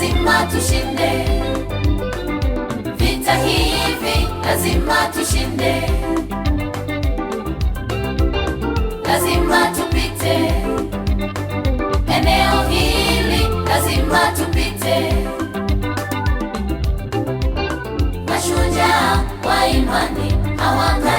lazima tushinde vita hivi, lazima tushinde, lazima tupite eneo hili, lazima tupite. Mashujaa wa imani hawa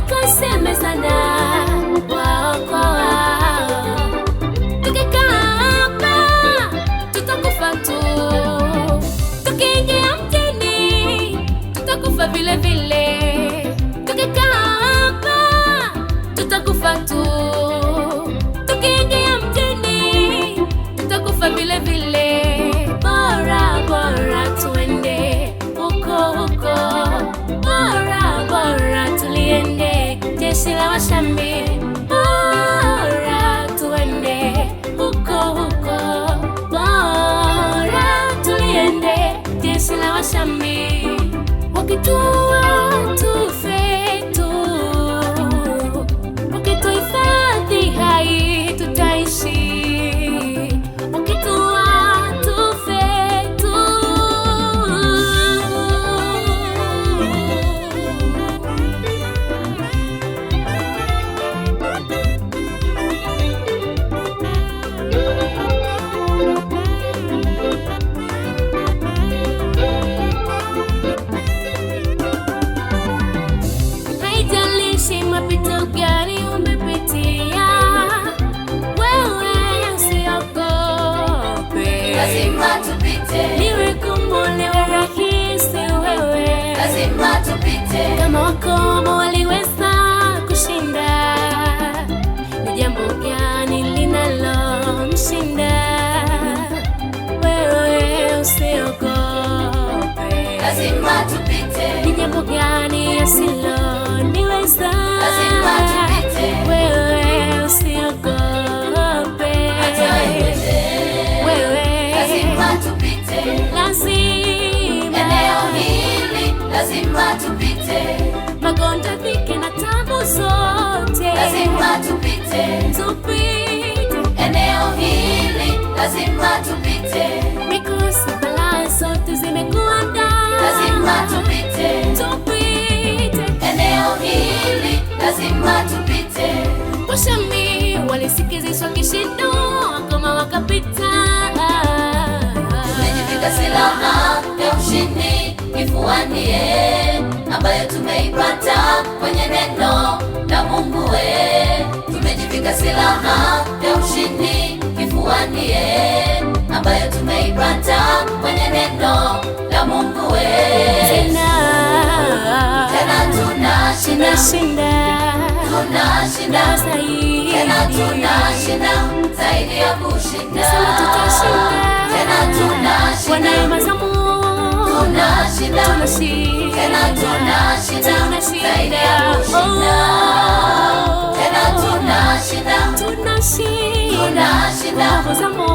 tukasemezana waokoa, tukikaa hapa tutakufa tu, tukiingia mjini tutakufa vile vile, tukikaa hapa tutakufa tu, tukiingia mjini tutakufa vile vile lazima tupite. Kama Wakomo waliweza kushinda, ni jambo gani Wewe usiogope, lazima tupite. Ni jambo gani Lazima tupite. Wewe usiogope lazima tupite magonjwa, dhiki na tabu zote, lazima tupite, tupite eneo hili, lazima tupite, mikosi, balaa zote zimekuanda, lazima tupite, tupite eneo hili, lazima tupite. Washami walisikizishwa kishindo, ngoma wakapita, tumejivika silaha kifuani, eh, ambayo tumeipata kwenye neno la Mungu, we tumejivika silaha ya ushindi kifuani, eh, ambayo tumeipata kwenye neno la Mungu, we tena tena tunashinda tunashinda tena tunashinda zaidi ya kushinda tena tunashinda shida, tena tuna shida, zaidi ya kushinda, tena oh. tuna shida, tuna shida, tuna shida